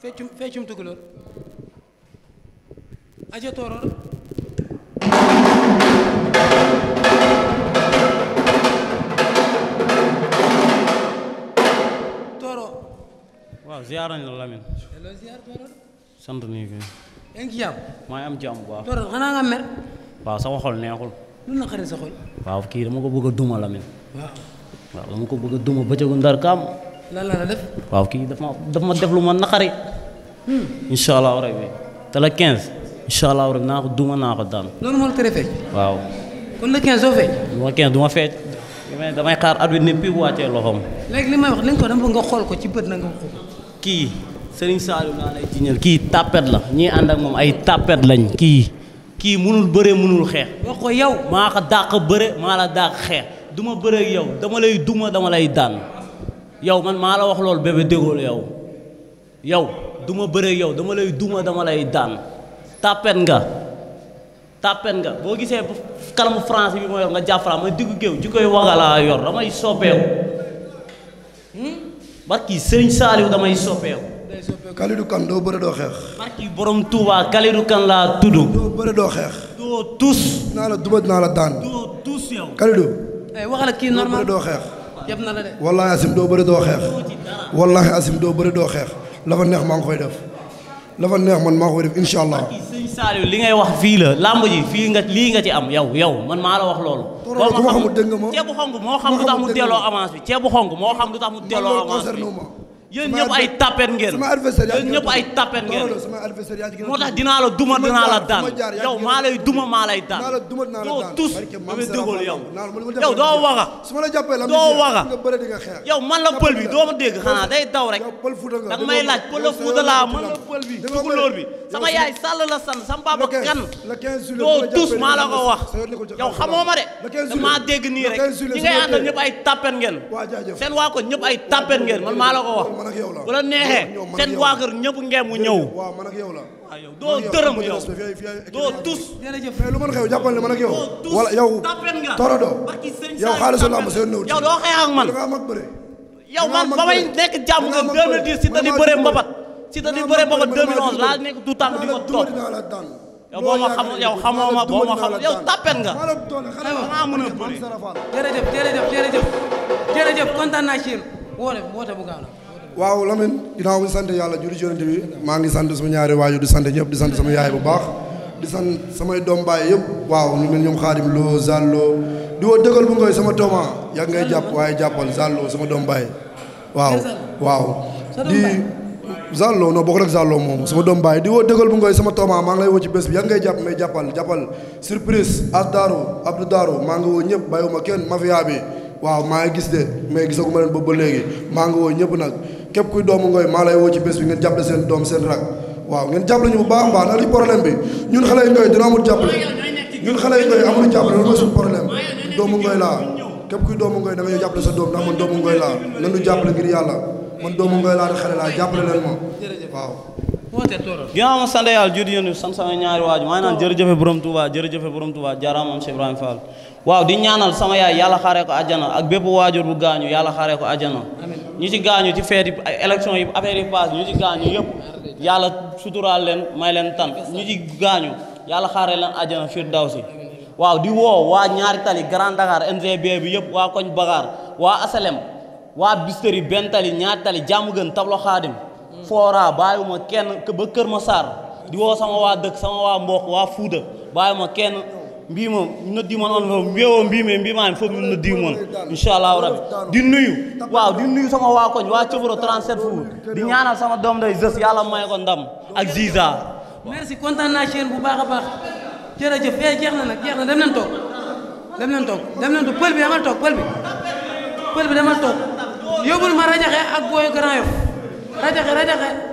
feccum feccum tukulóor aja tooroor tooro waaw ziar tooroor sant nii kay am jàmm baax tooroor xanaa nga mer waaw sama xol neexul lu na sa xol waaw kii dama ko bëgg a duma waaw dama ko bëgg a duma bëccëgu ndar kaam lan la la def waaw kii daf ma def lu ma naqari Hmm. incha allahu rabi te la 15 incha allahu rabi naa ko duma naa ko daan. loolu moo la tere fecc. waaw. kon la 15 doo fecc. la 15 du ma damay xaar at bi népp bu wàccee loxoom. ko dama nga xool ko ci bët na ko. kii Serigne Saliou naa lay jiñal kii tàppet la ñii ànd ak moom ay tàppet lañ kii. kii munul bëre mënul xeex. wax ko yow maa ko dàq bëre maa la dàq xeex duma ma bëre yow dama lay duma dama lay daan yow man maa la wax loolu bébé déggoo yow yow. du ma bëre yow dama lay duma dama lay daan tàppet nga tàppet nga boo gisee kanamu France bi ma yor nga jàpp ma diggu géew ji koy wagalaa yor damay soppeeku hmm? barki Sëriñ Saaliw damay soppeeku. Kalidou Kane doo bëre doo xeex. barki borom Touba Kalidou Kane laa tudd. doo bëre doo xeex. doo tus. doo tus eh, na la de. wallaahi Asim doo bëre doo xeex. wallaahi Asim doo bëre doo xeex. la fa neex maa ngi koy def la fa neex man maa ngi koy def incha allah. sëñ li ngay wax fii la làmb ji fii nga lii nga ci am yow yow man maa la wax loolu. boo ma xamul moo xam lu tax mu delo avance bi ceebu xonk moo xam lu tax mu delloo avance bi. yéen ñëpp ay tapet ngeen yéen ñëpp ay tapet ngeen moo tax dinaa la duma dinaa la daan yow maa lay duma maa lay daan doo tus damay déggool yow yow doo waxa doo waxa yow man pël bi doo ma dégg xanaa day daw rek danga may laaj pël la Fuuta laa pël bi tukulóor bi sama yaay sàll la san sama baaba kan doo tus maa la wax yow xamoo ma de damaa dégg nii rek ñi ngay àndal ñëpp ay tapet ngeen seen waa ko ñëpp ay tapet ngeen man maa la wax man ak yow la bu la neexee seen waa kër ñëpp ngeen mu ñëw waaw man ak yow la waaw yow doo dërëm yow doo tus mais lu mën xew jàppal ne man ak yow wala yow torodo yow xaalisu lamb seen nëw yow doo xeex ak man dangaa mag man ba may nekk jàmm nga 2010 si tadi bëre mbapat si tadi bëre mbapat 2011 laa nekk du tànk di ko toog yow boo ma xam yow xamoo ma boo ma xam yow tàppet nga dangaa mën a bëre jërëjëf jërëjëf jërëjëf jërëjëf naa ci yéen woote woote waaw lamin ginnaaw bu ñu sant yàlla julli jonante bi maa ngi sant sama ñaari waajur di sant ñëpp di sant sama yaay bu baax di sant samay doom baay yëpp waaw ñu mel ñoom xaadim loo di woo dëggal sama tooma ah, yàgg ngay jàpp waaye jàppal zàlloo sama doom baay waaw di zàlloo non bokkul ak zàlloo moom sama doom baay di woo dëggal bu ngoy sama tooma ah, maa ngi lay woo ci bés bi yàgg ngay jàpp mais jàppal jàppal surprise as daaro abdou daaro maa ngi woo ñëpp bàyyiwuma kenn mafia bi waaw maa ngi gis de mais gisaguma leen boobu ba léegi maa ngi woo ñëpp nag képp kuy doomu Ngoye maa lay woo ci bés bi ngeen jàppale seen doom seen rak waaw ngeen jàppale ñu bu baax a baax ndax li problème bi ñun xale yi Ngoye dina amul jàppale ñun xale yi Ngoye amul jàppale loolu mooy suñu problème doomu Ngoye laa képp kuy doomu Ngoye da nga laa nan lu jàppale ngir yàlla man doomu Ngoye laa te xale laa jàppale leen ma waaw ginnaaw ma ñaari waaju maa ngi naan jërëjëfe borom Touba jërëjëfe borom Touba jaaraam moom Cheikh Ibrahima Fall waaw di ñaanal sama yaay yàlla xaaree ko àjjana ak bépp waajur bu gaañu yàlla xaaree ko àjjana ñi ci gaañu ci feeti élection yi affaire yi paase ñu ci gaañu yëpp yàlla suturaal leen may leen tan ñu ci gaañu yàlla xaare leen àjjana firdawsi waaw di woo waa ñaari tali Grand Dakar NGB bi yëpp waa koñ Bagaar waa asalem waa Bisteri benn tali ñaari tali jàmm gën tablo xaadim foora ma kenn ba Kër Massar di woo sama waa dëkk sama waa mbokk waa Fuuta bàyyiwuma kenn mbimo noddimon on fof mbiyowo mbimi mbimani fof min noddimon inchallahu rabbi di nuyu waaw di nuyu sama waa koñ waa cofuro 37 four di ñaanal sama doom day jës yàlla may ko ndam ak Ziza merci kontaan naa bu baax a baax jërëjëf fee eh, jeex na nag jeex na dem leen toog dem leen toog dem leen toog pël bi demal toog pël bi pël bi demal toog yóbbul ma rajaxe ak booyu Grand Yoff rajaxe rajaxe